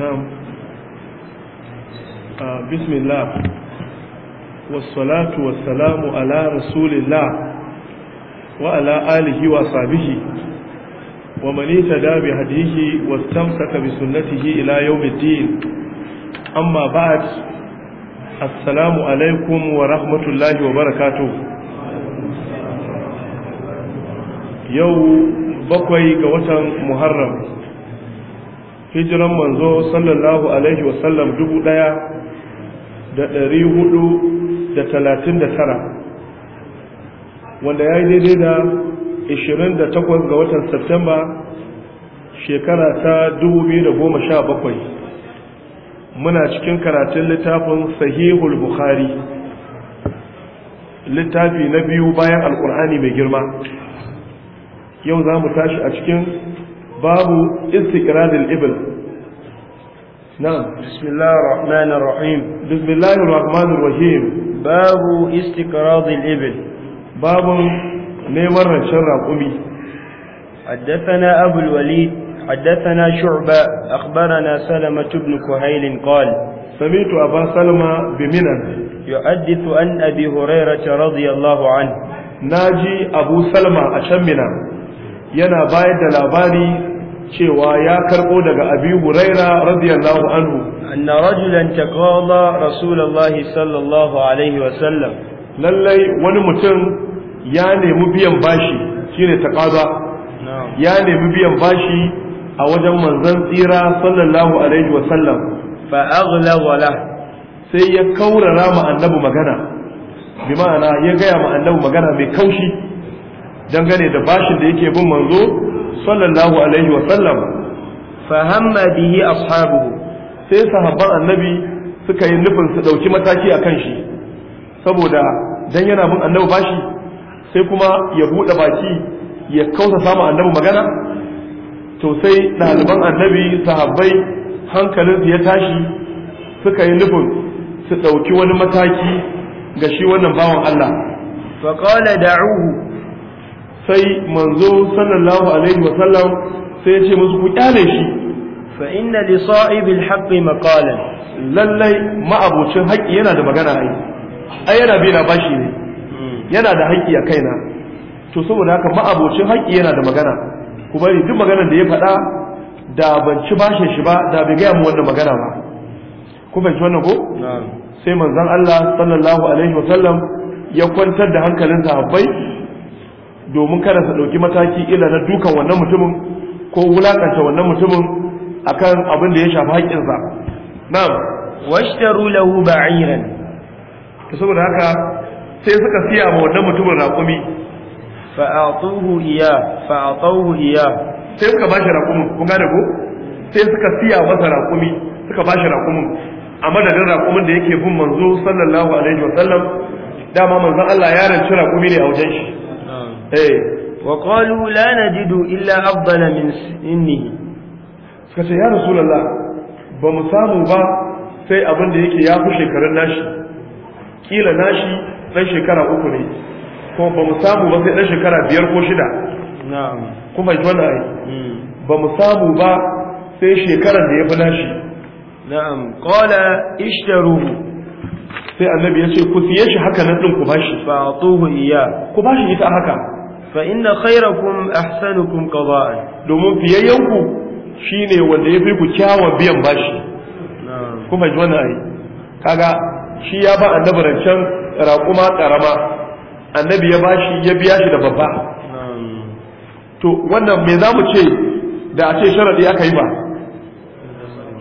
نعم بسم الله والصلاة والسلام على رسول الله وعلى آله وصحبه ومن اهتدى بهديه واستمسك بسنته إلى يوم الدين أما بعد السلام عليكم ورحمة الله وبركاته يوم bakwai ga محرم hijiran manzo sallallahu alaihi wasallam dubu ɗaya da dari hudu da talatin da tara wanda ya yi daidai da 28 ga watan Satamba shekara ta sha 2017 muna cikin karatun littafin sahihul bukhari littafi na biyu bayan alkur'ani mai girma yau za mu tashi a cikin babu istiqradil ibil na'am bismillahir rahmanir rahim bismillahir rahmanir rahim babu istiqradil ibil babu neman rancen raƙumi حدثنا أبو الوليد حدثنا شعبة أخبرنا سلمة بن كهيل قال سمعت أبا سلمة بمنى يحدث عن أبي هريرة رضي الله عنه ناجي أبو سلمة أشمنا yana bayar da labari cewa ya karbo daga abi huraira radiyallahu anhu anna rajulan taqala rasulullahi sallallahu alaihi wa sallam lallai wani mutum ya nemi biyan bashi shine taqaza ya nemi biyan bashi a wajen manzon tsira sallallahu alaihi wa sallam fa wala. sai ya kaurara ma annabi magana bi ma'ana ya gaya ma annabi magana mai kaushi dangane da bashin da yake bin manzo sallallahu alaihi wa sallam fa hamma bihi ashabuhu sai sahabban annabi suka yi nufin su dauki mataki akan shi saboda dan yana bin annabi bashi sai kuma ya bude baki ya kausa samu annabi magana to sai ɗaliban annabi sahabbai hankalinsu ya tashi suka yi nufin su ɗauki wani mataki ga shi wannan bawan Allah. faƙala da'uhu sai manzo sallallahu alaihi wa sallam sai ya ce musu ku kyale shi fa inna li sa'ibil haqqi maqalan lallai ma'abucin haƙƙi yana da magana ai ai yana bi na bashi ne hmm. yana da haƙƙi a kaina to saboda haka ma'abucin haƙƙi yana da magana ku bari duk maganar da ya faɗa da ban ci bashin shi ba da bai gaya mu wannan magana ba ku fahimci wannan ko sai manzon Allah sallallahu alaihi wa sallam ya kwantar da hankalin sahabbai domin kada su ɗauki mataki ila na dukan wannan mutumin ko wulakanta wannan mutumin akan abin da ya shafi haƙƙinsa na'am washtaru lahu ba'iran to saboda haka sai suka siya ma wannan mutumin raƙumi atuhu iya atuhu iya sai suka bashi raƙumin kun gane ko sai suka siya masa raƙumi suka bashi raƙumin a madadin raƙumin da yake bin manzo sallallahu alaihi wa sallam dama manzon Allah ya rance raƙumi ne a wajen shi eh wa qalu la najidu illa afdala min sinnihi suka ce ya rasulullah ba mu samu ba sai abin da yake ya fi shekarun nashi kila nashi ɗan shekara uku ne kuma ba mu samu ba sai ɗan shekara biyar ko shida na'am kuma ji wannan yi. Hmm. ba mu samu ba sai shekarar da ya fi nashi na'am qala ishtaruhu sai annabi ya ce ku siye shi haka nan ɗin ku bashi fa tuhu iya ku bashi ita haka fa inna khairakum ahsanukum qada'an domin fiyayyanku shine wanda yafi ku kyawa biyan bashi kuma ji wannan ai kaga shi ya ba annabi rancen raƙuma karama annabi ya bashi ya biya shi da babba to wannan me zamu ce da a ce sharadi aka yi ba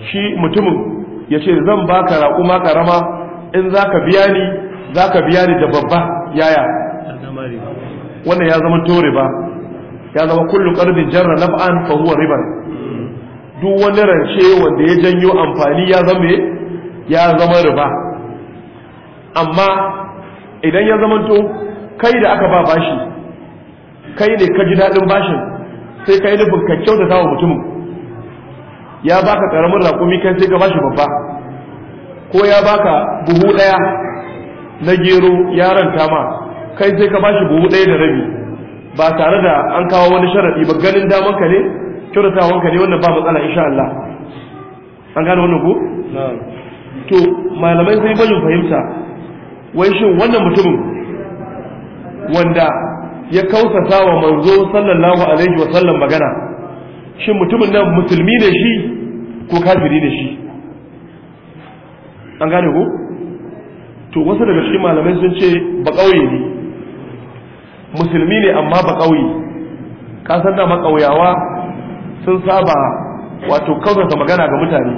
shi mutumin ya ce zan baka raƙuma karama in zaka biya ni zaka biya ni da babba yaya wannan ya zama to riba ya zama kullu qardin jarra naf'an fa huwa riba duk wani rance wanda ya janyo amfani ya zama ya zama riba amma idan ya zama to kai da aka ba bashi kai ne ka ji dadin bashin sai kai nufin ka da wa mutum ya baka karamin rakumi kai sai ka bashi babba ko ya baka buhu daya na gero ya ranta ma kai sai ka bashi buhu ɗaya da rabi ba tare da an kawo wani sharaɗi ba ganin daman ka ne kyautatawan ka ne wannan ba matsala insha Allah an gane wannan ko to malamai sai bayu fahimta wai shin wannan mutumin wanda ya kausata wa manzo sallallahu alaihi wa sallam magana shin mutumin nan musulmi ne shi ko kafiri ne shi an gane ko to wasu daga cikin malamai sun ce ba ƙauye ne musulmi ne amma ba ƙauye kasar da makauyawa sun saba wato kaunarsa magana ga mutane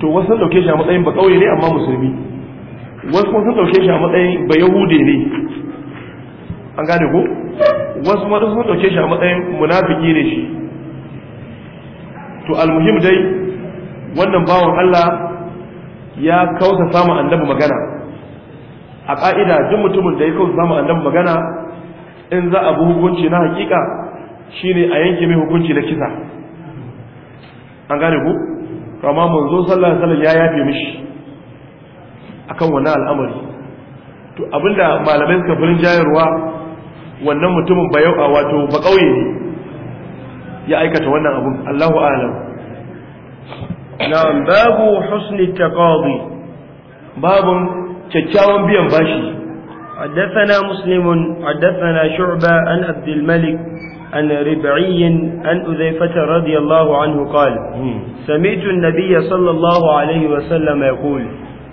to wasu sun dauke shi a matsayin ba ƙauye ne amma musulmi wasu kuma sun dauke shi a matsayin ba yahude ne an gane ko wasu kuma sun dauke shi a matsayin munafiki ne shi to almuhim dai wannan bawan Allah ya kausa samun annabi magana a ƙa'ida duk mutumin da ya kawo zama annan magana in za a bi hukunci na hakika ne a yanke mai hukunci da kisa an gane ku kama mun zo sallar wasallam ya yafe mishi akan wannan al'amari to abinda malamai suka firin jayarwa wannan mutumin yau a wato ba ƙauye ne ya aikata wannan abin Allahu a'lam Na babu husni taqadi babun kyakkyawan biyan bashi حدثنا مسلم حدثنا شعبة عن عبد الملك عن ربعي عن أذيفة رضي الله عنه قال سمعت النبي صلى الله عليه وسلم يقول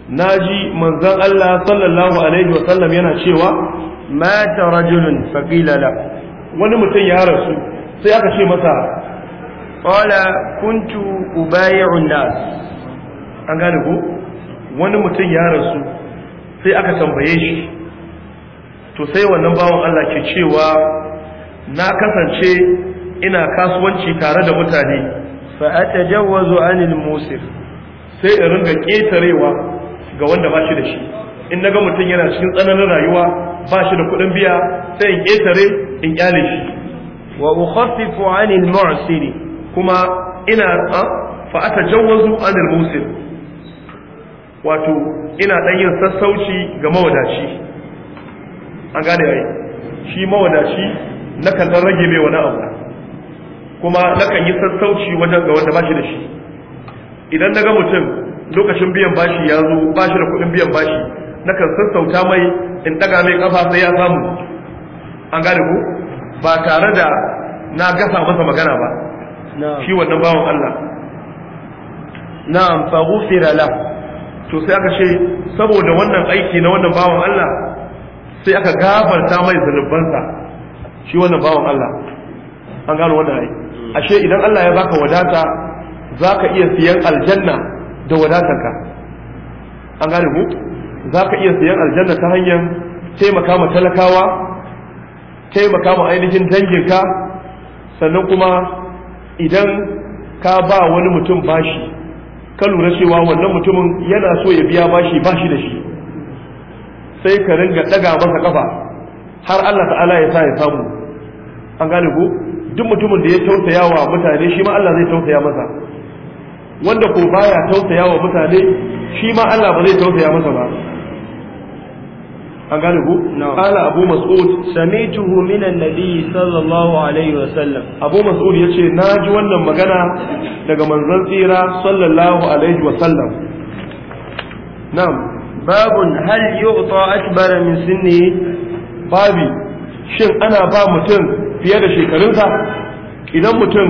ناجي من ذن الله صلى الله عليه وسلم ينشيوا مات رجل فقيل له ونمتن يا رسول سيأكشي مسار قال كنت أبايع الناس an gane ko wani mutum ya rasu sai aka tambaye shi to sai wannan bawan Allah ke cewa na kasance ina kasuwanci tare da mutane fa atajawwazu anil musir sai in ringa ketarewa ga wanda ba shi da shi in naga mutum yana cikin tsananin rayuwa ba shi da kuɗin biya sai in ketare in kyale shi wa ukhaffifu anil mu'sir kuma ina ah, fa atajawwazu anil musir wato ina dan yin sassauci ga mawadaci an gane ai shi mawadaci kan dan rage mai wani abu kuma na kan yi sassauci wajen ga wanda bashi da shi idan naga mutum lokacin biyan bashi ya zo bashi da kuɗin biyan bashi na kan sassauta mai in daga mai kafa sai ya samu an gane ko ba tare da na gasa masa magana ba shi wannan bawan Allah na'am fa ghufira lahu to sai aka ce saboda wannan aiki na wannan bawan Allah sai aka gafarta mai zunubansa shi wannan bawan Allah an gano wannan aiki ashe idan Allah ya baka wadata zaka iya siyan aljanna da wadatarka an gane ku zaka iya siyan aljanna ta hanyar taimaka ma talakawa taimaka ma ainihin danginka sannan kuma idan ka ba wani mutum bashi ka lura cewa wannan mutumin yana so ya biya bashi bashi da shi sai ka ringa daga masa kafa har Allah ta'ala ya sa ya samu an gane ko duk mutumin da ya tausaya wa mutane shi ma Allah zai tausaya masa wanda ko baya tausaya wa mutane shi ma Allah ba zai tausaya masa ba an gane ku qala abu mas'ud samituhu min annabi sallallahu alaihi wa sallam abu mas'ud yace naji wannan magana daga manzon tsira sallallahu alaihi wa sallam na'am babun hal yu'ta akbar min sinni babi shin ana ba mutum fiye da shekarunsa idan mutum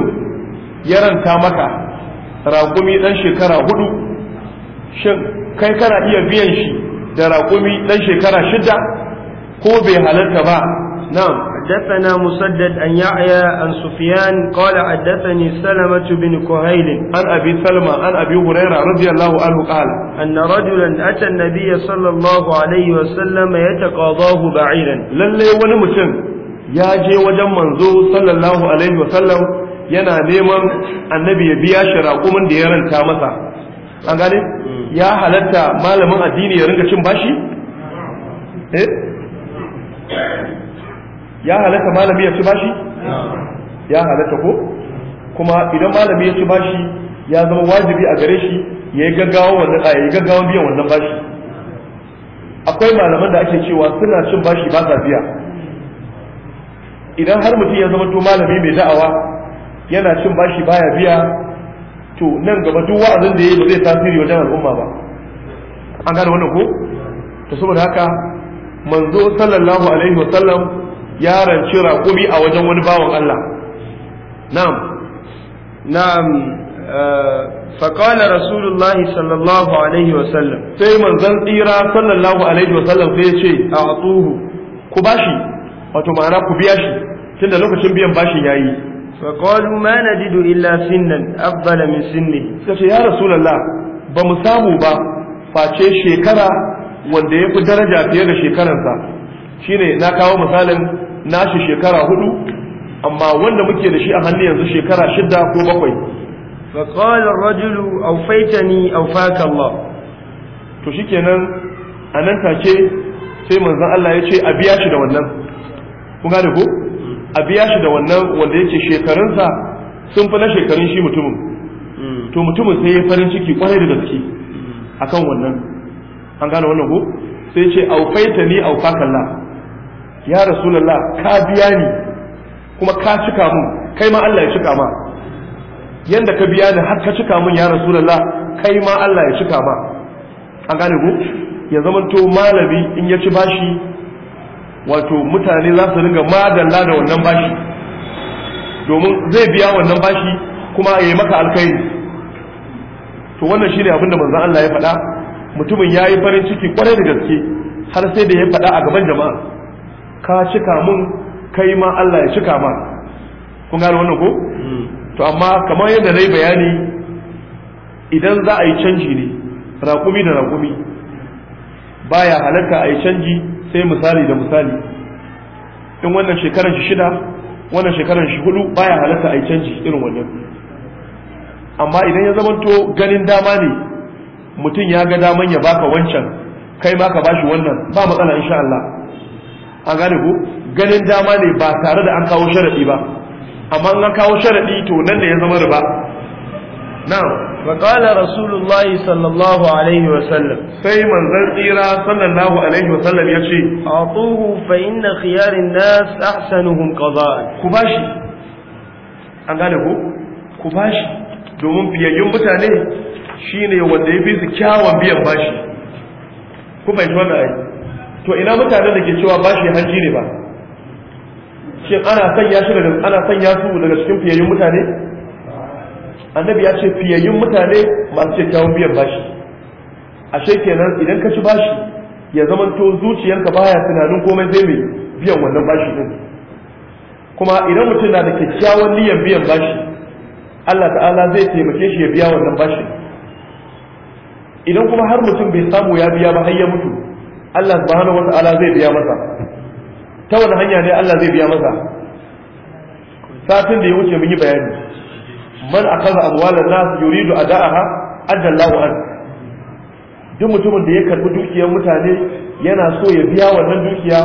ya ranta maka raƙumi dan shekara hudu shin kai kana iya biyan shi da raƙumi ɗan shekara shida ko bai halarta ba na'am حدثنا مسدد أن يعيا عن سفيان قال حدثني سلمة بن كهيل عن أبي سلمة عن أبي هريرة رضي الله عنه قال أن رجلا أتى النبي صلى الله عليه وسلم يتقاضاه بعيرا للي ونمتن يا جي وجم منزو صلى الله عليه وسلم yana neman annabi ya biya shi raƙumin da ya ranta masa an gane ya halatta malamin addini ya ringa cin bashi eh? ya halatta malami ya ci bashi ya halatta ko kuma idan malami ya ci bashi ya zama wajibi a gare shi ya yi gaggawa wannan a yi gaggawa biyan wannan bashi akwai malaman da ake cewa suna cin bashi ba sa biya idan har mutum ya zama to malami mai da'awa yana cin bashi baya biya to nan gaba duk wa'azin da yayi ba zai tasiri wajen al'umma ba an gane wannan ko to saboda haka manzo sallallahu alaihi wasallam ya ranci raƙumi a wajen wani bawan Allah na'am na'am فقال رسول الله صلى الله عليه وسلم سي منزل تيرا صلى الله عليه وسلم سي يشي أعطوه كباشي wato ma'ana ku biya shi tunda lokacin biyan bashi yayi فقالوا ما نجد إلا سنا أفضل من سنه kace ya rasulullah ba mu samu ba face shekara wanda ya fi daraja fiye da shekararsa shine na kawo misalin nashi shekara hudu amma wanda muke da shi a hannu yanzu shekara shida ko bakwai فقال الرجل أوفيتني أوفاك الله to shikenan a nan take sai manzon Allah ya ce a biya shi da wannan kun gane ko a biya shi da wannan wanda yake shekarunsa sun fi na shekarun shi mutumin to mutumin sai ya farin ciki kwarai da gaske akan wannan an gane wannan ko sai ce aufaita ni aukakalla ya rasulullah ka biya ni kuma ka cika mun kai ma Allah ya cika ma yanda ka biya ni har ka cika mun ya rasulullah kai ma Allah ya cika ma an gane ko ya zama to malami in ya ci bashi wato mutane za su ringa madalla da wannan bashi domin zai biya wannan bashi kuma ya yi maka alkhairi to wannan shine abin da manzon Allah ya faɗa mutumin ya yi farin ciki kwarai da gaske har sai da ya faɗa a gaban jama'a ka cika mun kai ma Allah ya cika ma kun gane wannan ko to amma kamar yadda na bayani idan za a yi canji ne rakumi da rakumi, baya halarta a yi canji sai misali da misali in wannan shekaran shi shida wannan shekaran shi hudu baya halatta a yi canji irin wannan amma idan ya zamanto ganin dama ne mutum ya ga daman ya baka wancan kai ma ka bashi wannan ba matsala insha Allah an gane ku ganin dama ne ba tare da an kawo sharadi ba amma an kawo sharadi to nan ne ya zama riba na'am فقال رسول الله صلى الله عليه وسلم سي من ذنقيرا صلى الله عليه وسلم يشي أعطوه فإن خيار الناس أحسنهم قضاء كباشي أنقاله كباشي domin fiyayyun mutane shine wanda ya fi su kyawun biyan bashi ku bai tuwa ai to ina mutane da ke cewa bashi hanji ne ba shin ana sanya su daga su daga cikin fiyayyun mutane annabi ya ce fiyayyun mutane masu kyakkyawan biyan bashi ashe kenan idan ka ci bashi ya to zuciyarka baya tunanin komai zai mai biyan wannan bashi din kuma idan mutum na da kyakkyawan niyyar biyan bashi Allah ta'ala zai taimake shi ya biya wannan bashi idan kuma har mutum bai samu ya biya ba har ya mutu Allah subhanahu wa ta'ala zai biya masa ta wani hanya ne Allah zai biya masa satin da ya wuce mun yi bayani man akaza amwalan nas yuridu ada'aha adda Allahu an duk mutumin da ya karbi dukiyar mutane yana so ya biya wannan dukiya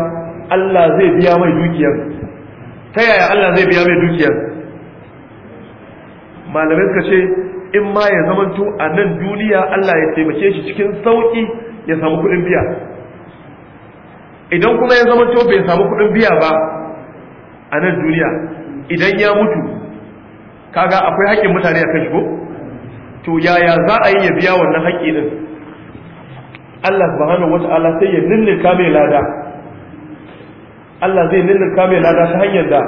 Allah zai biya mai dukiyar ta yaya Allah zai biya mai dukiyar malamai suka ce in ma ya zamanto a nan duniya Allah ya taimake shi cikin sauki ya samu kuɗin biya idan kuma ya zamanto bai samu kuɗin biya ba a nan duniya idan ya mutu kaga akwai haƙƙin mutane a kashi shigo to yaya za a yi ya biya wannan haƙƙi din Allah subhanahu wata'ala sai ya ninninka kame lada Allah zai ninninka kame lada ta hanyar da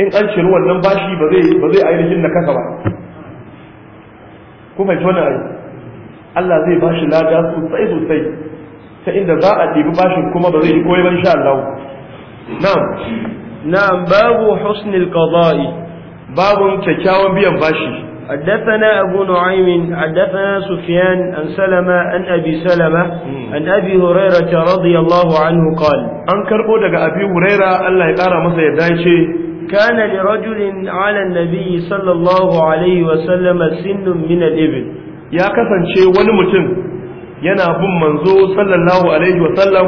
in an ciri wannan bashi ba zai ba zai ainihin na kasa ba ko mai tona ayi Allah zai bashi lada sosai sosai ta inda za a ɗibi bashin kuma ba zai yi koyi ban sha Allah na'am na'am babu husnul qada'i babun kyakkyawan biyan bashi حدثنا أبو نعيم حدثنا سفيان عن سلمة عن أبي سلمة عن أبي هريرة رضي الله عنه قال أنكر قولك أبي هريرة الله يقرأ مثل يدايشي كان لرجل على النبي صلى الله عليه وسلم سن من الإبل يا كسن شيء ونمتن ينا بن منزو صلى الله عليه وسلم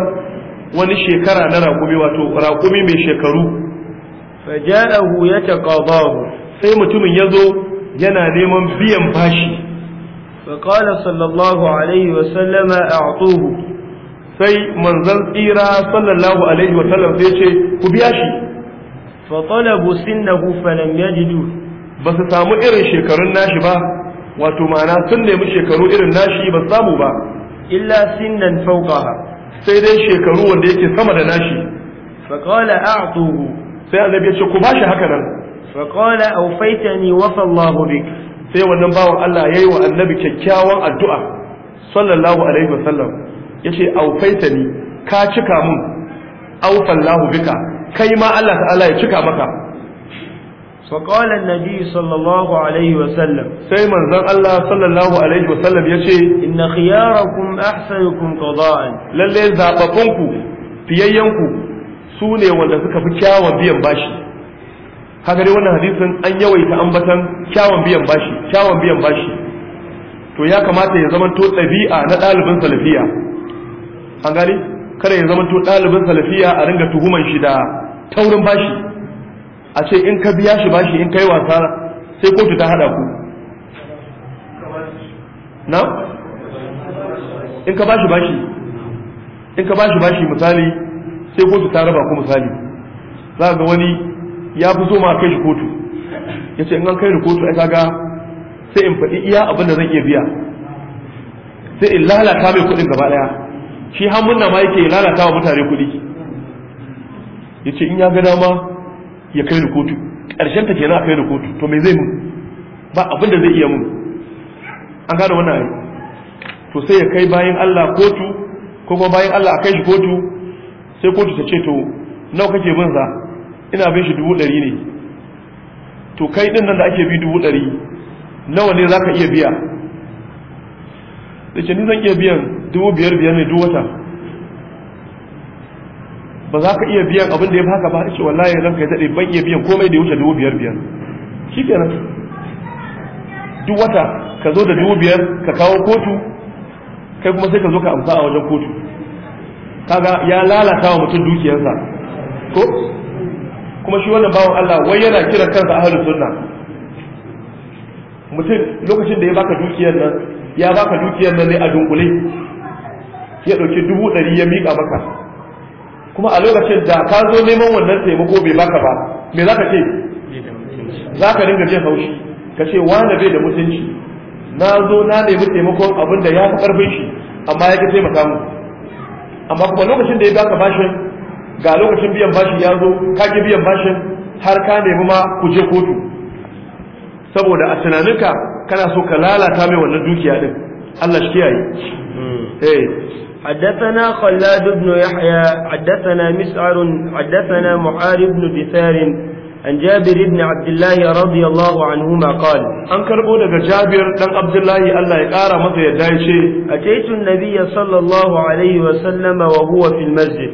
ونشيكرا نرى قمي واتو راقمي من شكرو فجاءه يتقاضاه sai mutumin ya zo yana neman biyan bashi faƙala sallallahu alaihi wasallama a atuhu sai manzan tsira sallallahu alaihi wasallam sai ce ku biya shi faƙalabu sinnahu falam yajidu ba su samu irin shekarun nashi ba wato ma'ana sun nemi shekaru irin nashi ba samu ba illa nan fauqaha sai dai shekaru wanda yake sama da nashi faƙala a'tuhu sai annabi ya ce ku bashi haka nan fa qala awfaitani wa fallahu bik sai wannan bawan Allah yayi wa annabi kyakkyawan addu'a sallallahu alaihi wa wasallam yace awfaitani ka cika mun aw fallahu bika kai ma Allah ta'ala ya cika maka fa qala an sallallahu alaihi wa sallam. sai manzon Allah sallallahu alaihi wa wasallam yace inna khiyarakum ahsanukum qada'an lalle zababanku fiyayyanku su ne wanda suka fi kyawawan biyan bashi kaga dai wannan hadisin an yawaita ambatan kyawun biyan bashi kyawun biyan bashi to ya kamata ya zama to ɗabi'a na ɗalibin salafiya an gani kada ya zama to ɗalibin salafiya a ringa tuhuman shi da taurin bashi a ce in ka biya shi bashi in kai wasa sai kotu ta hada ku na in ka bashi bashi in ka bashi bashi misali sai kotu ta raba ku misali za ga wani ya fi zo ma kai shi kotu ya ce in an kai kotu ai kaga sai in faɗi iya abin da zan iya biya sai in lalata mai kuɗin gaba ɗaya shi na ma yake lalata wa mutane kuɗi ya ce in ya ga dama ya kai ni kotu ƙarshen ta kenan a kai ni kotu to me zai mun ba abin da zai iya mun an gane wannan ayi to sai ya kai bayan Allah kotu ko kuma bayan Allah a kai shi kotu sai kotu ta ce to nawa kake bin za ina bin shi dubu ɗari ne to kai ɗin nan da ake bi dubu ɗari nawa ne za ka iya biya da ke ni zan iya biyan dubu biyar biyar ne duk wata ba za ka iya biyan abin da ya haka ba ce wallahi ka yi daɗe ban iya biyan komai da ya wuce dubu biyar biyar shi kenan duk wata ka zo da dubu biyar ka kawo kotu kai kuma sai ka zo ka amsa a wajen kotu kaga ya lalata wa mutum dukiyarsa ko kuma shi wannan bawan Allah wai yana kiran kansa ahlus sunna mutum lokacin da ya baka dukiyar nan ya baka dukiyar nan ne a dunkule ya dauki dubu ɗari ya mika maka kuma a lokacin da ka zo neman wannan taimako bai baka ba me za ka ce za ka dinga jin haushi ka ce wani bai da mutunci na zo na nemi taimakon abin da ya fi ƙarfin shi amma ya ki taimaka mu amma kuma lokacin da ya baka bashin ga lokacin biyan bashin ya zo ka ki biyan bashin har ka nemi ma ku je kotu saboda a tunaninka kana so ka lalata mai wannan dukiya din Allah shi kiyaye eh حدثنا خلاد بن يحيى حدثنا مسعر حدثنا محارب بن بثار عن جابر بن عبد الله رضي الله عنهما قال أن كربو دغ جابر دان عبد الله الله يقارا متى يدايشي أتيت النبي صلى الله عليه وسلم وهو في المسجد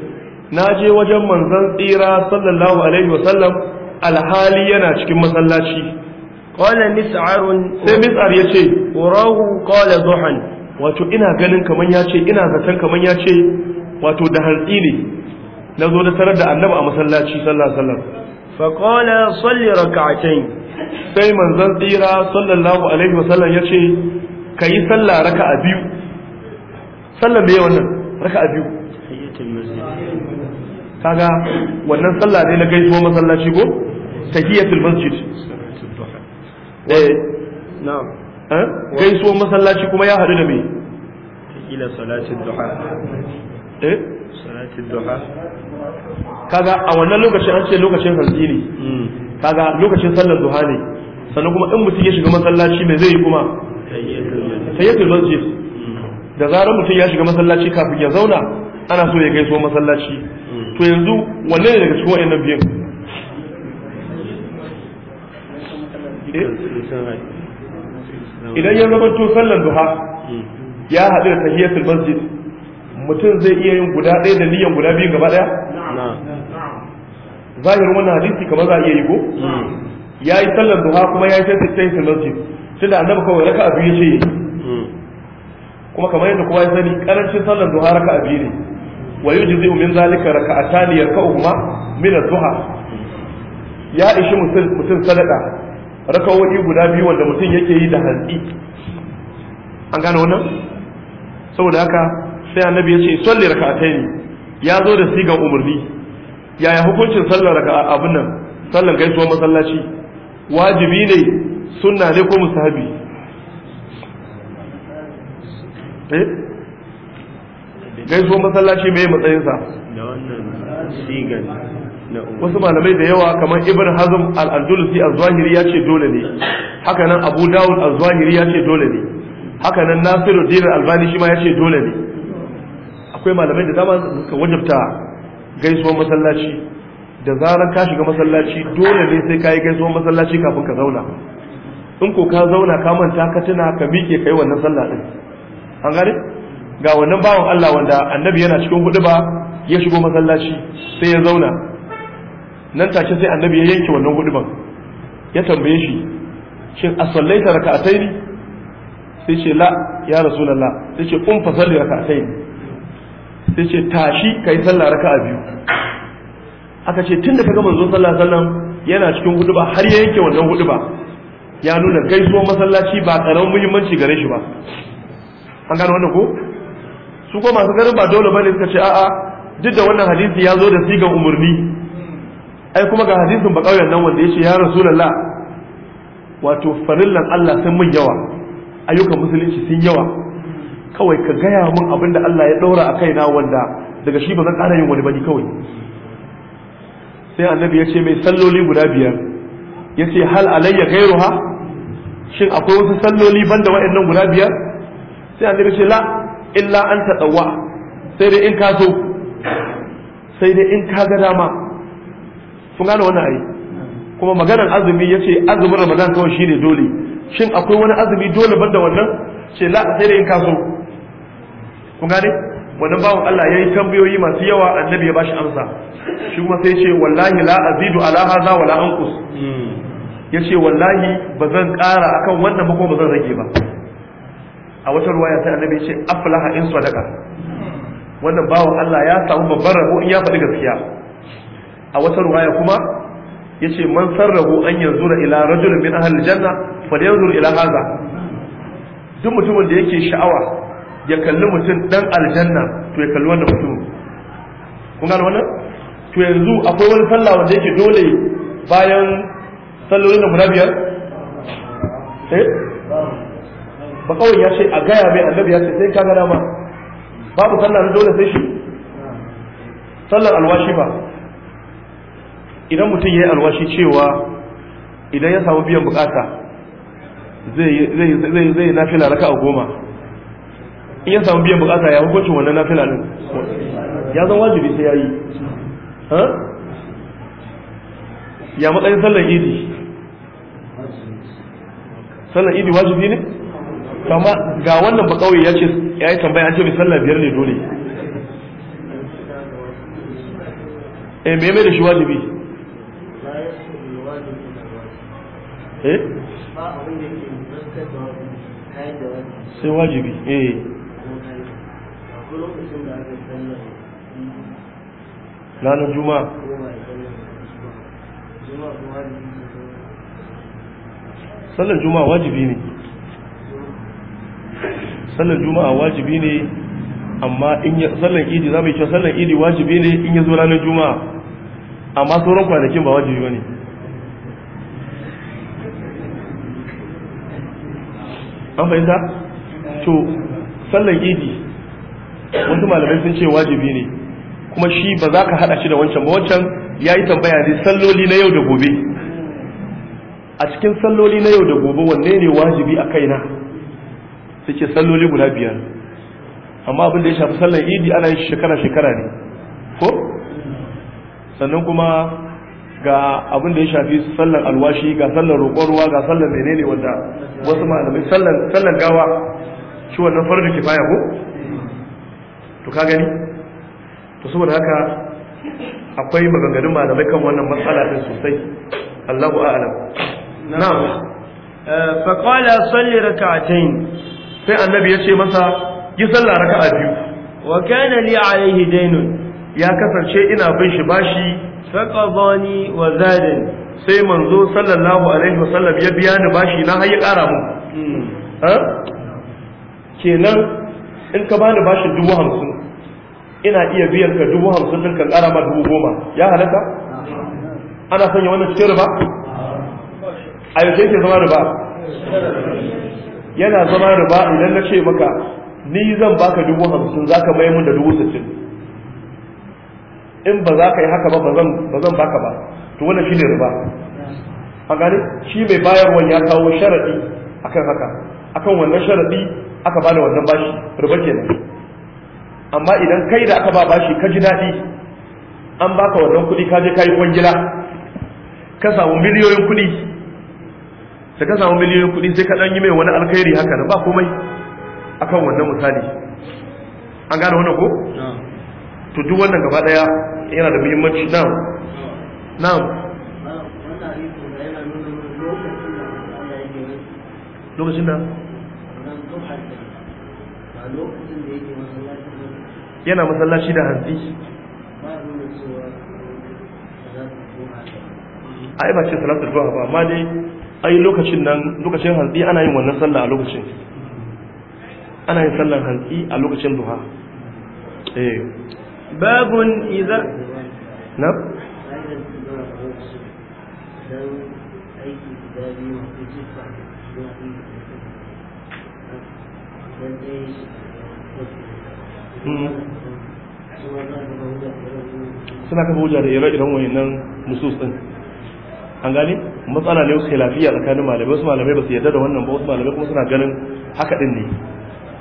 na je wajen manzan tsira sallallahu alaihi wasallam alhali yana cikin masallaci qala mis'ar sai mis'ar yace urahu qala duhan wato ina ganin kaman yace ina zaton kaman yace wato da hantsi ne Na zo da sanar da annabi a masallaci sallallahu alaihi wasallam fa qala salli rak'atayn sai manzan tsira sallallahu alaihi wasallam yace kayi sallah raka'a biyu sallah me wannan raka'a biyu kaga wannan sallah ne na gaisuwa masallaci ko tahiyatul masjid eh na'am eh? gaisuwa masallaci kuma ya hadu da me ila salatul duha eh salatul duha kaga a wannan lokacin an ce lokacin hantsi ne mm. kaga lokacin sallar duha ne sannan kuma in mutum ya shiga masallaci me zai yi kuma tahiyatul masjid mm. da zarar mutum ya shiga masallaci kafin ya zauna ana so ya gaisuwa masallaci to yanzu wanne ne daga cikin wa'annan biyan eh? idan ya zama to sallar duha ya haɗu da tahiyatul masjid mutum zai iya yin guda ɗaya da niyan guda biyu gaba ɗaya zahirin wannan hadisi kamar za a iya yi go? ya yi sallar duha kuma ya yi tahiyatul masjid da annabi kawai raka'a biyu ce hmm. kuma kamar yadda kuma ya sani karancin sallar duha raka'a biyu ne wa من ذلك ركعتان يركعهما من الضحى يا ايش ya ishi mutum mutum sadaka rakawoyi guda biyu wanda mutum yake yi da hantsi an gano wannan saboda haka sai annabi ya ce salli raka'atayn ya zo da sigan umarni yaya hukuncin sallar raka'a abin nan sallan gaisuwar masallaci wajibi ne sunna ne ko musahabi eh so masallaci mai matsayinsa wasu malamai da yawa kamar ibn hazm al-andalusi az-zahiri ya ce dole ne haka nan abu dawud az-zahiri ya ce dole ne haka nan nasiruddin albani shi ma ya ce dole ne akwai malamai da dama suka wajabta gaisuwar masallaci da zarar ka shiga masallaci dole ne sai ka yi gaisuwar masallaci kafin ka zauna in ko ka zauna ka manta ka tuna ka miƙe kai wannan sallah din an gane ga wannan bawan Allah wanda annabi yana cikin hudu ba ya shigo masallaci sai ya zauna nan take sai annabi ya yanke wannan hudu ban ya tambaye shi shin a raka'ataini sai ce la ya rasulullah sai ce kun fa salli raka'ataini sai ce tashi kai sallah raka'a biyu aka ce tunda kaga manzo sallallahu alaihi wasallam yana cikin ba har ya yanke wannan ba ya nuna gaisuwar masallaci ba karamin muhimmanci gare shi ba an gano wannan ko su ko masu ganin ba dole bane suka ce a'a duk da wannan hadisi ya zo da sigan umarni ai kuma ga hadisin bakawiyar nan wanda ya ce ya rasulallah wato farillan Allah sun mun yawa ayyukan musulunci sun yawa kawai ka gaya mun abin da Allah ya daura a kaina wanda daga shi ba zan ƙara yin wani bani kawai sai annabi ya ce mai salloli guda biyar ya ce hal alayya gairuha shin akwai wasu salloli banda waɗannan guda biyar sai annabi ya ce la illa an taɗawa sai dai in ka so sai dai in ka ga dama sun gane wannan ayi kuma maganar azumi ya ce azumin ramadan kawai shi ne dole shin akwai wani azumi dole banda wannan ce la sai dai in ka so kun gane wannan bawan Allah ya yi tambayoyi masu yawa annabi ya bashi amsa shi kuma sai ce wallahi la azidu ala hadha wala anqus hmm. yace wallahi bazan ƙara akan wannan ba ko bazan rage ba a wata ruwaya ta annabi ce aflaha in sadaka wannan bawo Allah ya samu babban rabo in ya faɗi gaskiya a wata ruwaya kuma yace man sarrahu an yanzu da ila rajulin min ahli janna falyanzur ila hadha duk mutumin da yake sha'awa ya kalli mutum dan aljanna to ya kalli wannan mutum kun ga wannan to yanzu akwai wani sallah wanda yake dole bayan sallolin da murabiyar eh ba kawai ya ce a gaya mai annabi ya ce sai ka gana ba babu sallah na dole sai shi sallar alwashi ba idan mutum ya yi alwashi cewa idan ya samu biyan bukata zai yi nafila raka a goma in ya samu biyan bukata ya hukunci wannan nafila ne ya zan wajibi sai ya yi ya matsayin sallar idi sallar idi wajibi ne kama ga wannan ba kawai ya ce ya yi tambaya an ce mai sallah biyar ne dole eh me mai da shi wajibi eh sai wajibi eh ranar juma'a sallar juma'a wajibi ne sallar juma'a wajibi ne amma in ya sallar idi za mu yi cewa sallar idi wajibi ne in ya zo ranar juma'a amma sauran kwanakin ba wajibi ba ne an fahimta to sallar idi wasu malamai sun ce wajibi ne kuma shi ba za ka haɗa shi da wancan ba wancan ya yi tambaya ne salloli na yau da gobe a cikin salloli na yau da gobe wanne ne wajibi a kaina sai ce salloli guda biyar amma abin da ya shafi sallar idi ana yin shekara shekara ne ko sannan kuma ga abin da ya shafi sallar alwashi ga sallar roƙon ruwa ga sallar menene wanda wasu malamai sallar gawa shi wannan da ke baya ko to ka gani to saboda haka akwai maganganun malamai kan wannan matsala ɗin sosai Allahu a'lam na'am فقال صلي ركعتين sai annabi ya ce masa yi sallah raka'a biyu wa kana li alaihi daynun ya kasance ina bin shi bashi faqadani wa zadin sai manzo sallallahu alaihi wa sallam ya biya ni bashi na hayi kara ƙara mu hmm. ha kenan in ka bani bashi dubu hamsin ina iya biyan ka dubu hamsin din ka ƙara ma dubu goma ya halaka ana sanya wannan cikin riba ah. a yau ke zama riba yana zama riba idan na ce maka ni zan baka dubu hamsin za ka mun da dubu sittin in ba za ka yi haka ba ba zan baka ba to wannan shi ne riba a gani shi mai bayarwan ya kawo sharaɗi akan haka akan wannan sharaɗi aka bada wannan bashi riba kenan amma idan kai da aka ba bashi ka ji daɗi an baka wannan kuɗi ka je ka yi kwangila ka samu miliyoyin kuɗi da ka samu miliyoyin kuɗi sai ka ɗan yi mai wani alkhairi haka nan ba komai akan wannan misali an gane wannan ko to duk wannan gaba daya yana da muhimmanci na na lokacin da yana masallaci da hanzi ai ba ce salatu duha ba amma dai ai lokacin nan lokacin hantsi ana yin wannan sallah a lokacin ana yin sallar hantsi a lokacin duha eh. babun iza na hmm. suna kafa wujar da idan wani nan musus din an gane matsala ne lafiya tsakanin malamai wasu malamai ba su yarda da wannan ba wasu malamai kuma suna ganin haka din ne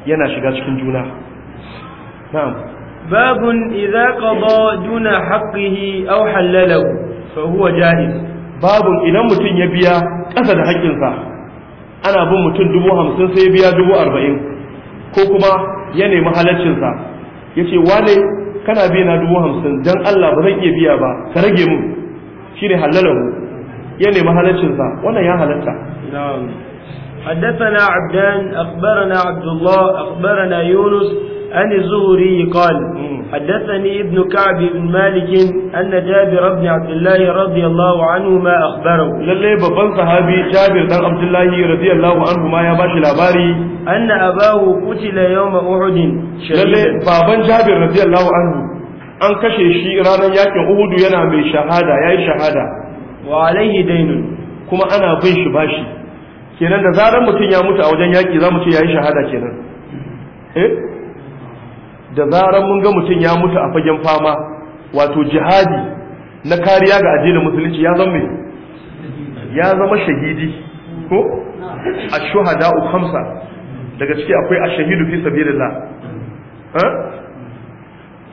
yana shiga cikin juna na'am babun idza qada duna haqqihi aw halalahu fa huwa jahil babun idan mutum ya biya kasa da haƙƙinsa ana bin mutum dubu hamsin sai biya dubu arba'in ko kuma ya nemi halaccinsa ya ce wane kana biya na dubu hamsin don allah ba zan iya biya ba ka rage mu? shi ne halalahu ya nemi halaccinsa wannan ya halatta حدثنا عبدان أخبرنا عبد الله أخبرنا يونس عن الزهري قال حدثني ابن كعب بن مالك أن جابر بن عبد الله رضي الله عنهما أخبره للي ببن صحابي جابر بن عبد الله رضي الله عنهما يا باشي لاباري أن أباه قتل يوم أحد للي بابن جابر رضي الله عنه أن كشي شيء رانا ياكي أهد ينا من شهادة يا شهادة wa alaihi dainun kuma ana bin shi bashi kenan da zarar mutum ya mutu a wajen yaƙi za mu ce ya yi shahada kenan eh da zarar mun ga mutum ya mutu a fagen fama wato jihadi na kariya ga addinin musulunci ya zama ya zama shahidi ko a shuhada u khamsa daga ciki akwai a shahidu fi sabilillah eh?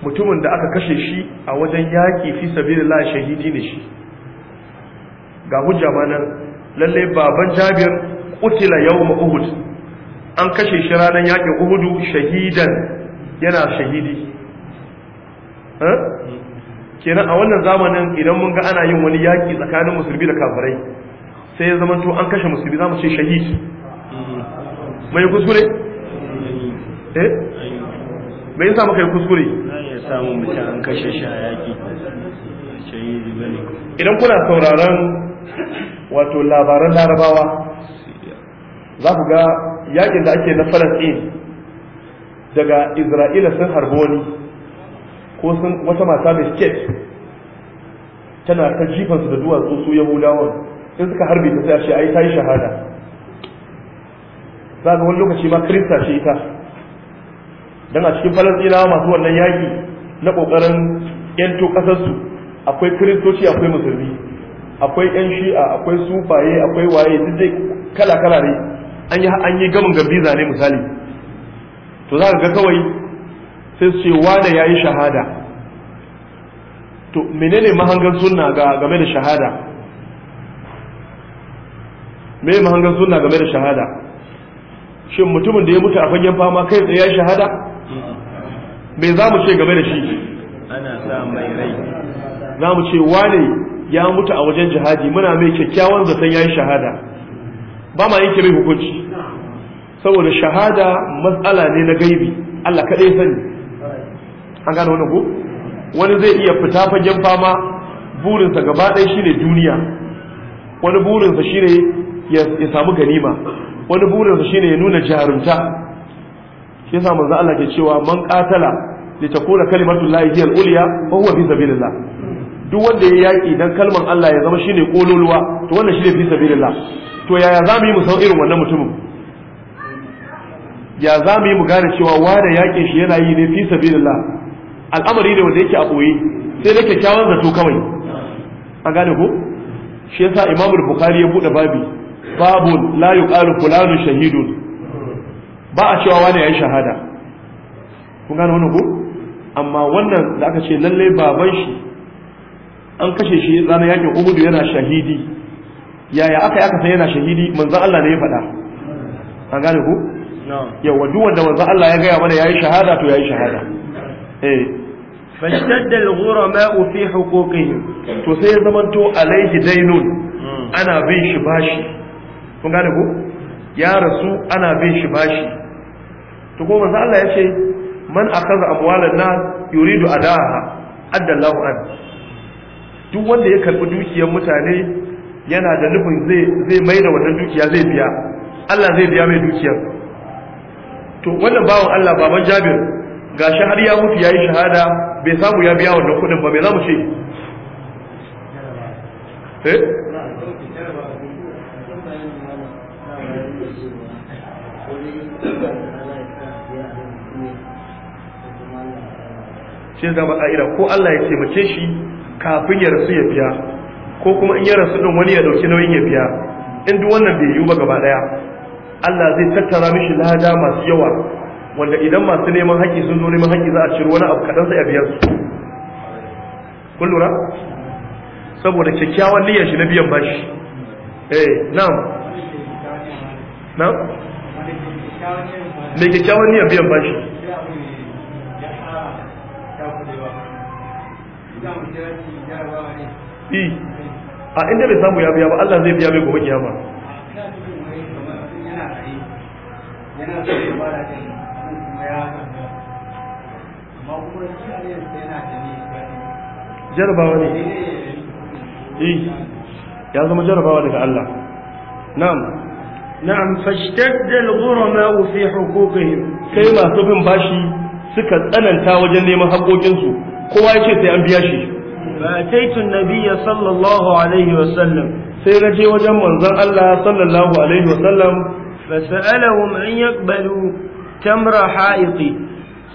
mutumin da aka kashe shi a wajen yaƙi fi sabilillah shahidi ne shi ga hujja ma nan lalle baban jabir qutila yawm uhud an kashe shi ranar yakin uhudu shahidan yana shahidi kenan a wannan zamanin idan mun ga ana yin wani yaki tsakanin musulmi da kafirai sai ya zama to an kashe musulmi za mu ce shahid mai kuskure eh me yasa muka yi kuskure ya samu mutum an kashe shi a yaki shahidi bane idan kuna sauraron wato labaran larabawa za ku ga yakin da ake na falasɗin daga isra'ila sun harboni ko sun wata mata mai sket tana ta jifansu da duwatsu su yahudawan in suka harbe ta sai a yi ta yi shahada za ga wani lokaci ma kirista ce ita don a cikin falasɗinawa masu wannan yaki na ƙoƙarin 'yanto ƙasarsu akwai kiristoci akwai musulmi akwai yan shi'a akwai sufaye akwai waye duk dai kala kala ne an yi an yi gaban gardiza ne misali to za ka ga kawai sai su ce wane yayi shahada to menene mahangar sunna ga game da shahada me mahangar sunna game da shahada shin mutumin da ya mutu a fagen fama kai tsaye ya shahada me za mu ce game da shi ana sa mai rai za mu ce wane ya mutu a wajen jihadi muna mai kyakkyawan zaton yi shahada ba ma yanke mai hukunci saboda shahada matsala ne na gaibi Allah kaɗai sani an gano wani ko wani zai iya fita fagen fama burinsa gaba ɗaya shine duniya wani burinsa shine ya samu ganima wani burinsa shine ya nuna jarumta shi sa manzo Allah ke cewa man qatala li takuna kalimatu llahi hiya al-ulya huwa fi sabilillah duk wanda ya yaki dan kalman Allah ya zama shine kololuwa to wannan shine fi sabilillah to yaya za mu yi mu san irin wannan mutumin ya za mu yi mu gane cewa wanda yaƙin shi yana yi ne fi sabilillah al'amari ne wanda yake a boye sai da kyakkyawan zato kawai a gane ko shi yasa imamu bukhari ya bude babi Babu la yuqalu fulanu shahidun ba a cewa wani yayi shahada kun gane wannan ko amma wannan da aka ce lalle baban shi an kashe shi ranar yakin uhudu yana shahidi yaya aka aka san yana shahidi manzon Allah ne ya faɗa an gane ku yawa duk wanda manzon Allah ya gaya mana yayi shahada to yayi shahada eh fashtadda al-ghurama fi huquqihim to sai ya zamanto alaihi dainun hmm. ana bin shi bashi kun gane ku ya rasu ana bin shi bashi to ko manzon Allah ya ce man akaza amwalan nas yuridu adaha adda Allahu an. duk wanda ya karbi dukiyar mutane yana da nufin zai zai mai da wannan dukiya zai biya Allah zai biya mai dukiyar to wannan bawan Allah baban Jabir gashi har ya mutu yayi shahada bai samu ya biya wannan kudin ba bai zamu ce eh shi da ba ka'ida ko Allah ya taimake shi kafin ya rasu ya biya ko kuma in ya rasu don wani ya dauki nauyin ya biya in duk wannan bai yiwu ba gaba daya Allah zai tattara mishi lada masu yawa wanda idan masu neman haƙƙi sun zo neman haƙƙi za a ciro wani abu kaɗan sai a biyar su kun lura saboda kyakkyawan niyyar shi na biyan bashi eh na'am na'am me kyakkyawan niyyar biyan bashi Eh, a inda bai samu ya biya ba Allah zai biya mai gobe kiyama jarabawa ne eh, ya zama jarabawa daga Allah na'am na'am fashtadda al-ghurama fi huquqihim kai masu fin bashi suka tsananta wajen neman haƙoƙinsu kowa ya ce sai an biya shi sallallahu alaihi wa sallam. Sai na je wajen وجم Allah sallallahu alaihi wa sallam. وسلم فسألهم ya balu tamra حائطي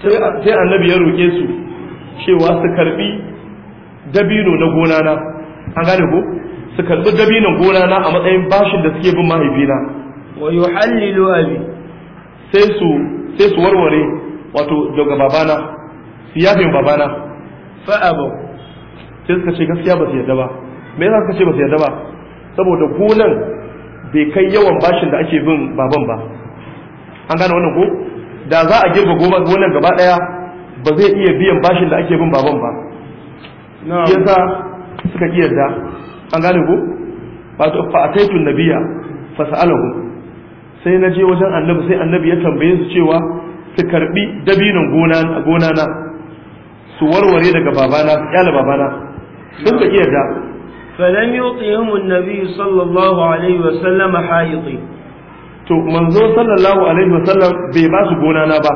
sai annabi ya roƙe su cewa su karbi dabino na gona na an gane ko su karbi dabinon gona na a matsayin bashin da suke bin mahaifina wa yuhallilu abi sai su sai su warware wato daga babana su yafin babana fa sai suka ce gaskiya ba su yarda ba me yasa suka ce ba su yarda ba saboda gonan bai kai yawan bashin da ake bin baban ba an gane wannan ko da za a girba gonan gaba daya ba zai iya biyan bashin da ake bin baban ba yasa suka ki yarda an gane ko ba ta fa ataitun nabiya fa sa'alahu sai na je wajen annabi sai annabi ya tambaye su cewa su karbi dabinin gona na su warware daga babana su babana sun ka iya da فلم يطعهم النبي صلى الله عليه وسلم حائطي to manzo sallallahu alaihi wa sallam bai ba su gona na ba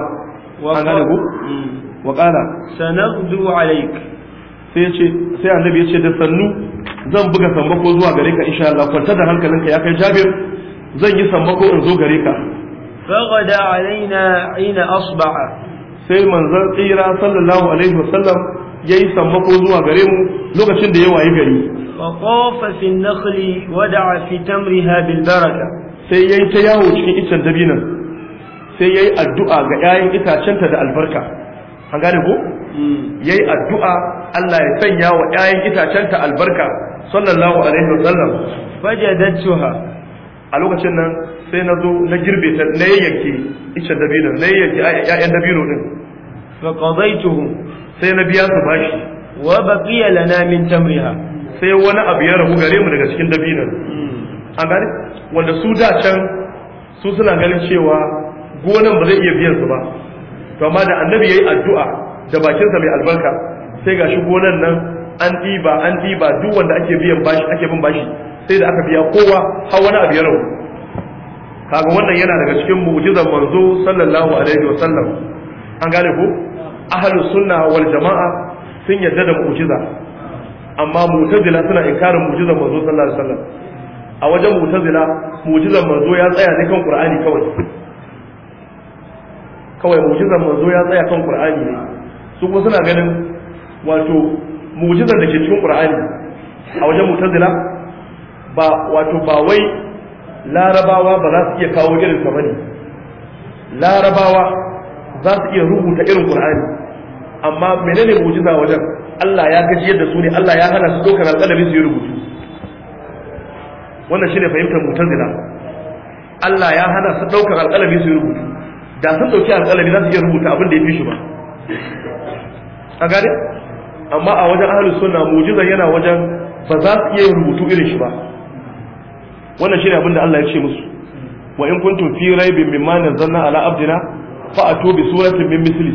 an gane ku mm. Mm. wa qala sanabdu alaik sai yace sai annabi yace da sannu zan buga sambako zuwa gare ka insha Allah kwanta da hankalinka ya kai Jabir zan yi sambako in zo gare ka fagada alaina ina asbaha sai manzon tsira sallallahu alaihi wasallam yi sammako zuwa gare mu lokacin da ya waye gari wa qafa fi an-nakhli wada'a fi tamriha bil baraka sai yayi ta yawo cikin itacen dabinan sai yayi addu'a ga 'ya'yan itacenta da albarka an gane ko hmm. yayi addu'a Allah ya sanya wa 'ya'yan itacenta albarka sallallahu alaihi wasallam fajadatuha a lokacin nan sai na zo na girbe ta na yake icen dabino na yake ya'yan dabino din fa qadaytuhu sai na biya su bashi wa baqiya lana min tamriha sai wani abu ya rabu gare mu daga cikin dabinon an gane wanda su da can su suna ganin cewa gonan ba zai iya biyan su ba to amma da annabi yayi addu'a da bakinsa mai albarka sai gashi gonan nan an ɗiba an ɗiba duk wanda ake biyan bashi ake bin bashi sai da aka biya kowa har wani abu ya rabu kaga wannan yana daga cikin mu'jizar manzo sallallahu alaihi wa sallam an gane ko ahlus sunna wal jama'a sun yadda da mu'jiza amma mu'tazila suna inkarin mu'jizar manzo sallallahu alaihi wa sallam a wajen mu'tazila mu'jizar manzo ya tsaya ne kan qur'ani kawai kawai mu'jizar manzo ya tsaya kan qur'ani ne su kuma suna ganin wato mu'jizar da ke cikin qur'ani a wajen mu'tazila ba wato ba wai larabawa ba za su iya kawo irin sa bane larabawa za su iya rubuta irin qur'ani amma menene mu'jiza wajen Allah ya gaji yadda su ne Allah ya hana su dokar alƙalabi su yi rubutu wannan shine fahimtar mutazila Allah ya hana su ɗaukar alƙalami su yi rubutu da sun dauki alƙalami za su iya rubuta abin da ya fi shi ba a gane amma a wajen ahalus sunna mu'jiza yana wajen ba za su iya rubutu irin shi ba wannan shine abin da Allah ya ce musu wa in kuntum fi raibin mimma nazzalna ala abdina fa atu bi suratin min misli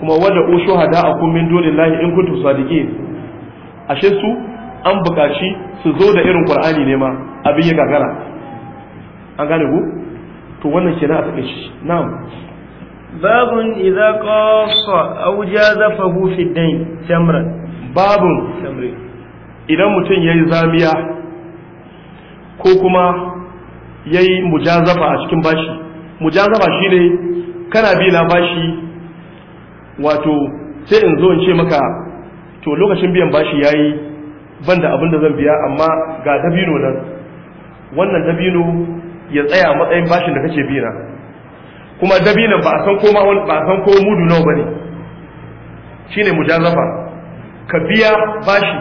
kuma wada u shuhada'akum min dunillahi in kuntum sadiqin ashe su an buƙaci su zo da irin qur'ani ne ma abin ya gagara an gane ku to wannan kenan a shi na'am باب إذا قاص أو fi في الدين babun idan mutum yayi zamiya. ko kuma ya yi mujazafa a cikin bashi mujazafa shi ne kana bi na bashi wato sai in zo in ce maka to lokacin biyan bashi ya yi ban da abin da zan biya amma ga dabino nan wannan dabino ya tsaya matsayin bashin da kace biya kuma dabinan ba a san koma ba a san ko mudu nawa bane shine mujazafa ka biya bashi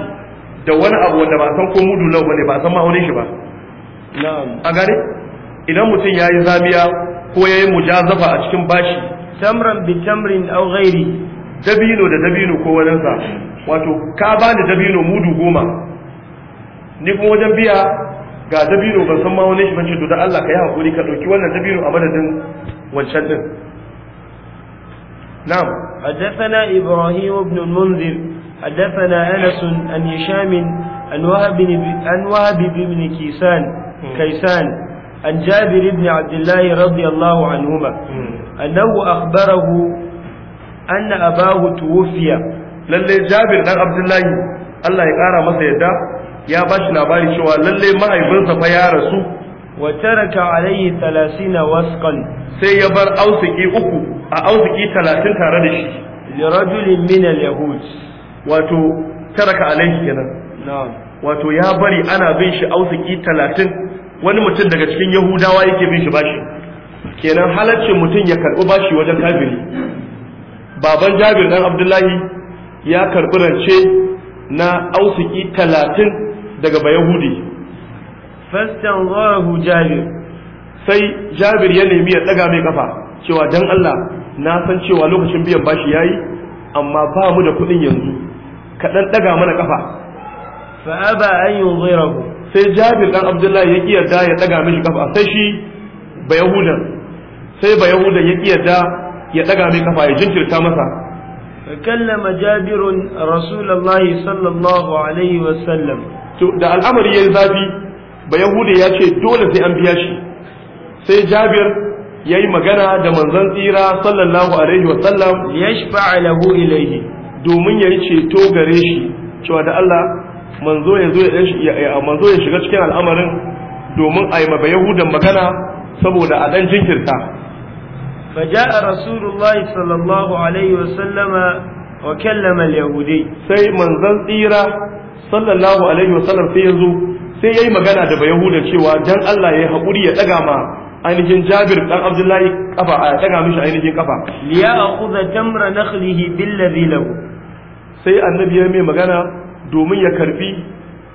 da wani abu wanda ba a san ko mudu nawa bane ba a san ma'aunin shi ba a gare idan mutum ya yi zamiya ko ya yi mujazafa a cikin bashi tamran bi tamrin aw ghairi dabino da dabino ko wadansa wato ka bani dabino mudu goma ni kuma wajen biya ga dabino ban san ma wani shi bance to da Allah ka yi hakuri ka dauki wannan dabino a madadin wancan din na'am حدثنا إبراهيم بن المنذر حدثنا أنس عن هشام عن وهب عن وهب بن كيسان كيسان عن جابر بن عبد الله رضي الله عنهما أنه أخبره أن أباه توفي للي جابر بن عبد الله الله يقارى مسيدا يا باش لاباري شوى للي ما يبنص فيا رسول وترك عليه ثلاثين وسقا سيبر أوسكي أكو أوسكي ثلاثين تاردش لرجل من اليهود وتو ترك عليه كده نعم wato ya bari ana bin shi ausiki talatin wani mutum daga cikin yahudawa yake bin shi bashi kenan halarci mutum ya karɓi bashi wajen kafiri baban jabir dan abdullahi ya karɓi rance na ausiki talatin daga bayahudi fastanzahu jabir sai jabir ya nemi ya daga mai kafa cewa dan allah na san cewa lokacin biyan bashi yayi amma ba mu da kuɗin yanzu Kaɗan ɗaga mana kafa fa'aba an yi sai jabir dan abdullahi ya kiyarda ya daga mishi kafa sai shi ba yahudan sai ba yahudan ya kiyarda ya daga mai kafa ya jinkirta masa فكلم جابر رسول الله صلى الله عليه وسلم da al'amari ya zafi ba yahuda ya ce dole sai an biya shi sai jabir ya yi magana da manzon tsira sallallahu alaihi wasallam ya shafa lahu ilaihi domin ya yi ceto gare shi cewa da Allah manzo ya zo ya manzo ya shiga cikin al'amarin domin a yi ma yahudan magana saboda a dan jinkirta فجاء رسول الله صلى الله عليه وسلم وكلم اليهودي سي من زنطيرة صلى الله عليه وسلم سيزو sai ya yi magana da bayahudan cewa dan Allah ya yi hakuri ya ɗaga ma ainihin jabir ɗan abdullahi kafa a ɗaga mishi ainihin kafa liya a kuza tamra nakhlihi billazi lahu sai annabi ya mai magana domin ya karbi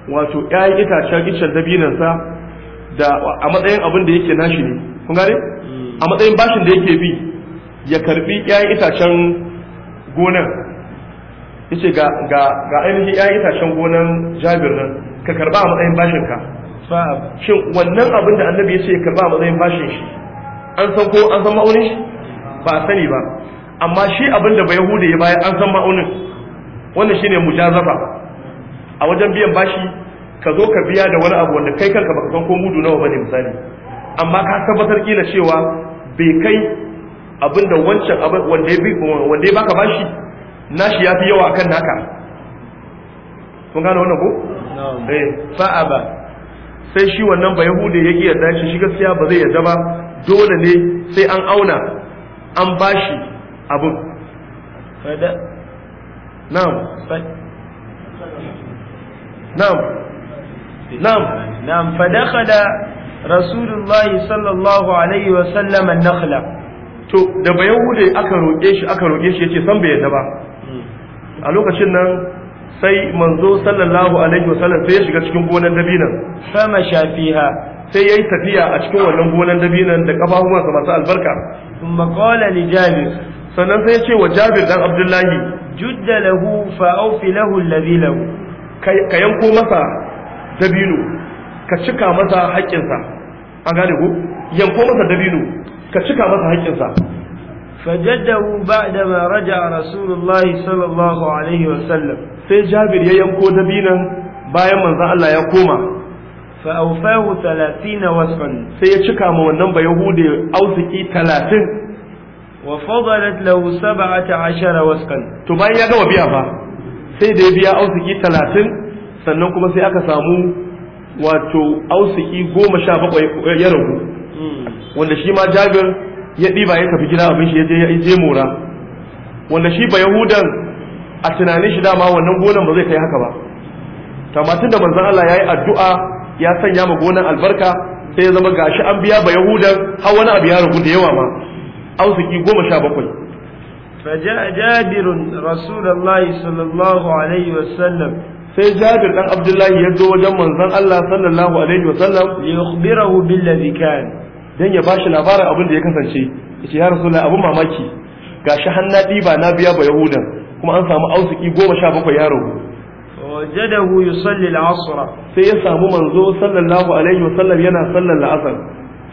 wato ƴaƴan itacen icen dabinansa da a matsayin abin da yake nashi ne kun gane mm. a matsayin bashin da yake bi ya karbi ƴaƴan itacen gonan yace ga ga ga ainihin ƴaƴan itacen gonan Jabir nan ka karba a matsayin bashin ka shin wannan abin da Annabi yace ya karba a matsayin bashin shi an san ko an san ma'aunin shi ba a sani ba amma shi abin da bai hude ya baya an san ma'aunin wannan shine mujazafa a wajen biyan bashi ka zo ka biya da wani abu wanda kai kanka baka san ko mudu nawa bane misali amma ka tabbatar kila cewa bai kai abin da wancan wanda ya wanda ya baka bashi nashi ya fi yawa akan naka kun gane wannan ko eh fa'aba sai shi wannan ba yahude ya ki yarda shi gaskiya ba zai yarda ba dole ne sai an auna an bashi abin na'am na'am na'am na'am fa dakhala rasulullah sallallahu alaihi wa sallam an to da bayan bayahude aka roƙe shi aka roƙe shi yace san bai yadda ba hmm. a lokacin nan sai manzo sallallahu alaihi wa sallam sai ya shiga cikin gonan dabinan Sama shafiha. sai ya yi tafiya a cikin wannan gonan dabinan da ƙafafuwansa masu albarka. Thumma qala li Jabir sannan sai ya ce wa Jabir dan Abdullahi judda lahu fa awfi lahu alladhi lahu ka yanko masa dabino ka cika masa haƙƙinsa A gane ko yanko masa dabino ka cika masa haƙƙinsa fajaddahu ba'da ma raja'a rasulullahi sallallahu alaihi wa sallam sai jabir ya yanko dabinan bayan manzon Allah ya koma fa awfahu 30 wasfan sai ya cika ma wannan ba yahude ausiki 30 wa fadalat lahu 17 wasfan to bayan ya gama biya ba sai da ya biya ausiki talatin sannan kuma sai aka samu wato ausiki goma sha bakwai ya ragu wanda shi ma jabir ya ɗiba ya tafi gida abin shi ya je mora wanda shi ba yahudan a tunanin shi dama wannan gonan ba zai kai haka ba tamatin da manzan Allah ya yi addu'a ya sanya ma gonan albarka sai ya zama gashi an biya ba yahudan har wani abu ya ragu da yawa ma ausiki goma sha bakwai فجاء جابر رسول الله صلى الله عليه وسلم sai jabir dan abdullahi ya zo wajen manzon Allah sallallahu alaihi wasallam ya yukhbirahu billadhi kan dan ya bashi labarin abin da ya kasance yace ya rasulullah abin mamaki gashi hanna diba na biya ba yahudan kuma an samu ausuki goma sha bakwai yaro wajadahu yusalli al-asr sai ya samu manzo sallallahu alaihi wasallam yana sallar la'asar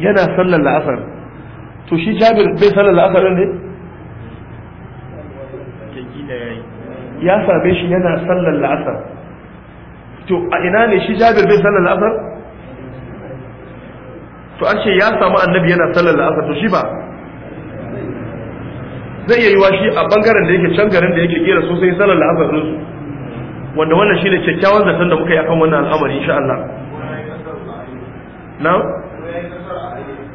yana sallar la'asar to shi jabir bai sallar la'asar ne ya same shi yana sallar la'asar to a ina ne shi jabir bai sallar la'asar to an ce ya samu annabi yana sallar la'asar to shi ba zai iya yiwa shi a bangaren da yake can garin da yake kera sosai sallar la'asar din su wanda wannan shine kyakkyawan zaton da muka yi akan wannan al'amari insha Allah na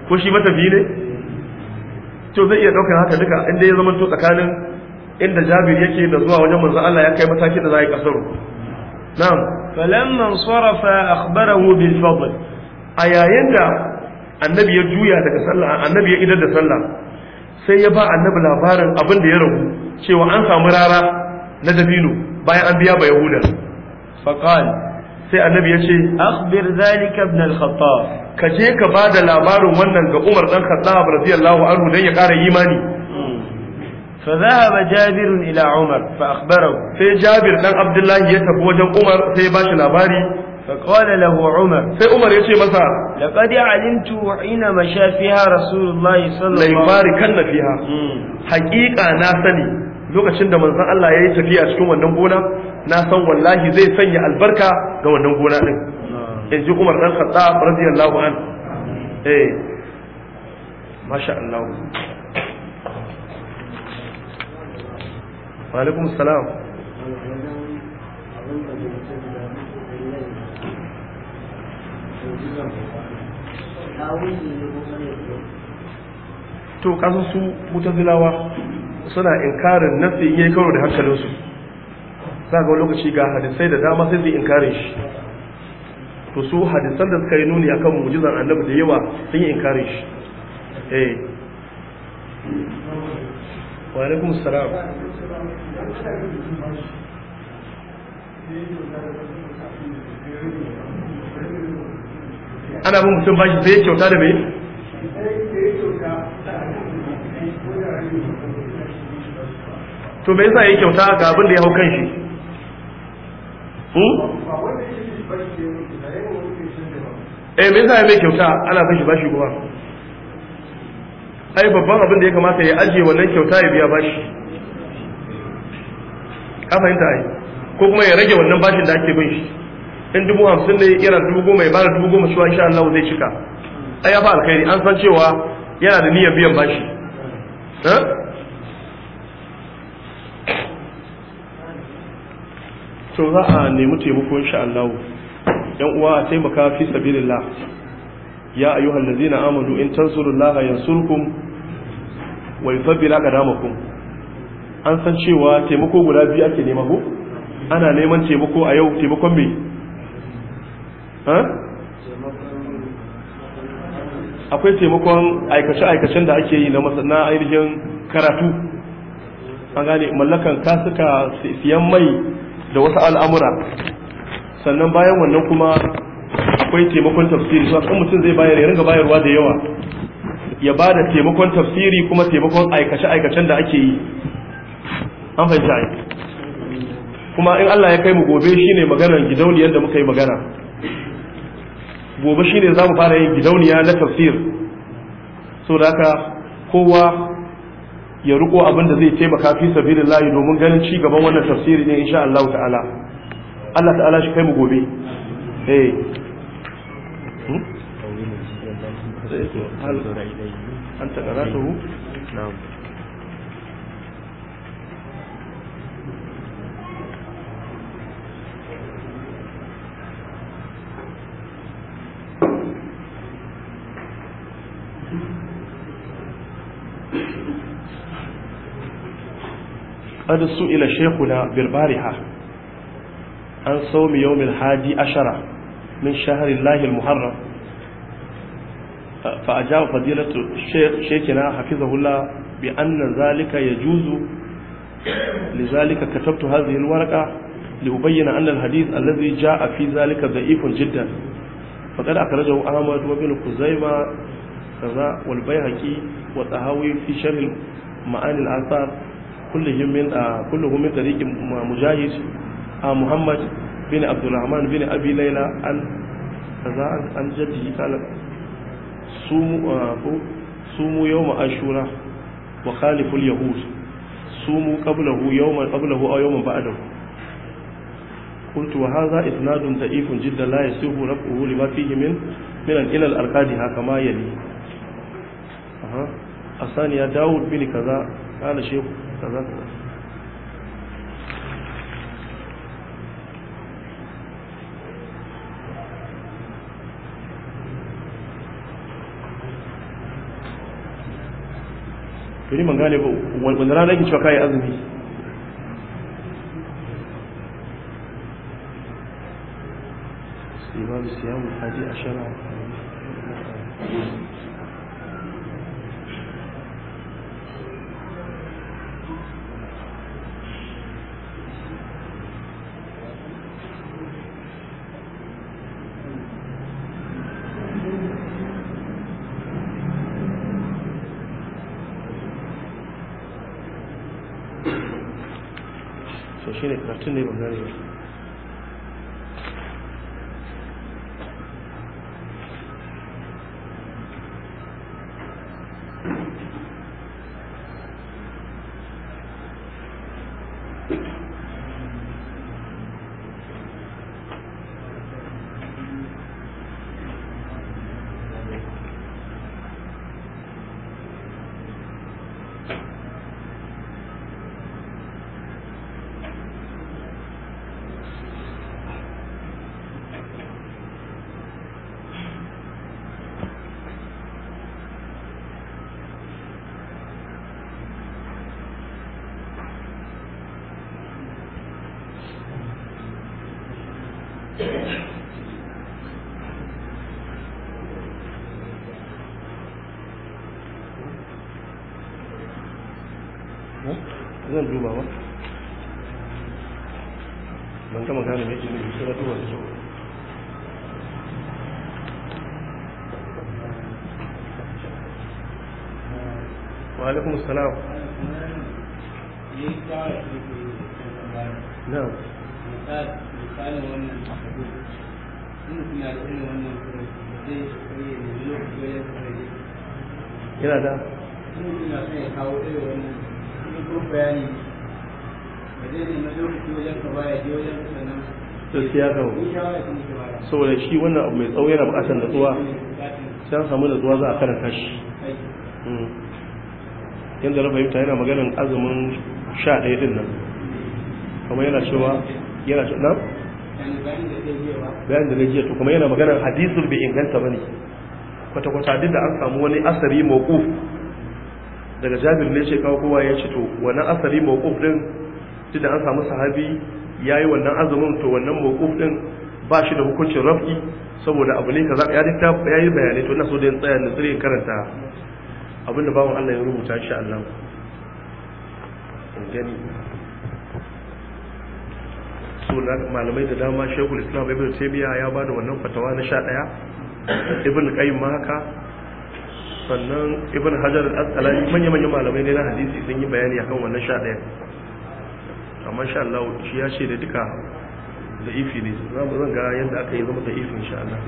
ko shi matafi ne to zai iya daukar haka duka inda ya zama to tsakanin inda jabir yake da zuwa wajen manzon Allah ya kai mataki da za yi kasaru na'am falamman sarafa akhbarahu bil fadl a yayin da annabi ya juya daga sallah annabi ya idar da sallah sai ya ba annabi labarin abin da ya rabu cewa an samu rara na dabino bayan an biya ba yahuda faqal sai annabi ya ce akhbir zalika ibn al-khattab ka je ka ba da labarin wannan ga Umar dan Khattab radiyallahu anhu dan ya kara imani فذهب جابر إلى عمر فأخبره في جابر بن عبد الله يتبو وجن عمر في باش الأباري فقال له عمر في عمر يتي مسا لقد علمت حين مشى فيها رسول الله صلى الله عليه وسلم ليباركن فيها حقيقة ناسني lokacin da manzon Allah ya yi tafiya cikin wannan gona na san wallahi zai sanya albarka ga wannan gona din in ji Umar dan Khattab radiyallahu an eh masha Allah wa salam to kasu su mutazilawa suna inkarin nafi yayi karo da hankalinsu za ga lokaci ga hadisai da dama sai su inkarin shi to su hadisan da suka yi nuni akan mujizan annabu da yawa sun yi inkarin shi eh wa alaikum salam ana bin mutum bashi sai ya kyauta da mai to me yasa ya kyauta ga abin da ya hau kan shi hmm? eh me yasa ya mai kyauta ana bin shi bashi kuma ai babban abin da ya kamata ya ajiye wannan kyauta ya biya bashi ka fahimta ai ko kuma ya rage wannan bashin da ake bin shi in dubu hamsin ne yana dubu goma ya bada dubu goma shi insha Allah zai cika ai ya fa alkhairi an san cewa yana da niyyar biyan bashi to za a nemi taimako insha Allah yan uwa a taimaka fi sabilillah ya ayyuhallazina amanu in tansurullaha yansurkum wa yuthabbit aqdamakum an san cewa taimako guda biyu ake nema ko ana neman taimako a yau taimakon me akwai taimakon aikace-aikacen da ake yi na ainihin karatu an gane mallakan kasuka siyan mai da wasu al'amura sannan bayan wannan kuma akwai taimakon tafsiri su kan mutum zai bayar ya ringa bayarwa da yawa ya ba da taimakon tafsiri kuma taimakon aikace-aikacen da ake yi an fahimta ai kuma in Allah ya kai mu gobe shine maganar gidauniyar da muka yi magana gobe shine za mu fara yin gidauniya na tafsir so da haka kowa ya riko abin da zai taimaka fi layi domin ganin ci gaban wannan tafsiri ne insha Allah ta'ala Allah ta'ala shi kai mu gobe eh hmm? قد سئل شيخنا بالبارحة عن صوم يوم الحادي عشر من شهر الله المحرم فأجاب فضيلة الشيخ شيخنا حفظه الله بأن ذلك يجوز لذلك كتبت هذه الورقة لأبين أن الحديث الذي جاء في ذلك ضعيف جدا فقد أخرجه أحمد وابن خزيمة كذا والبيهقي والطهاوي في شرح معاني الآثار kulluhum min ah, kulluhum min tariqi mujahid ah, muhammad bin Abdulrahman bin abi layla an kaza an jaddi kala sumu ah, sumu yawm ashura wa khalifu yahud sumu qablahu yawman qablahu aw yawman ba'dahu قلت وهذا إسناد ضعيف جدا لا يسوغ رفعه لما فيه من من إلى الأرقاد كما يلي أه. الثانية داود بن كذا قال شيخ kaza kaza man gane ba wani rana yake cewa kayi azumi sai babu siyamu hadi a shara 是那种专觉。zan duba ba ban gama gane mai da yana da bayani gaskiya saboda shi wannan abu mai yana a karanta shi hmm. yadda maganin azumin sha ɗaya din nan kuma yana cewa yana cewa da na to kuma yana hadisul bai inganta ba ne kwata-kwata duk da an samu wani asari mawquf daga jabir ne ce kawo kowa ya ci to wannan asali mawquf din tunda an samu sahabi ya yi wannan azumin to wannan mawquf din ba shi da hukuncin raf'i saboda abu ne kaza ya dikta yi bayani to ina so da in tsaya na tsire karanta abinda bawon Allah ya rubuta shi Allah gani so malamai da dama shekul islam ibn taimiyya ya ba da wannan fatawa na 11 ibn qayyim ma haka sannan ibn hajar al-asqalani manya manyan malamai ne na hadisi sun yi bayani akan wannan sha ɗaya amma sha Allah shi ya ce da duka da ifi ne za mu zanga yadda aka yi zama da ifi sha Allah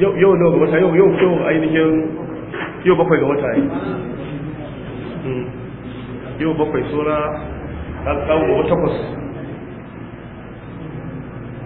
yau yau nawa ga wata yau yau yau ainihin yau bakwai ga wata yi hmm. yau bakwai sura an kawo takwas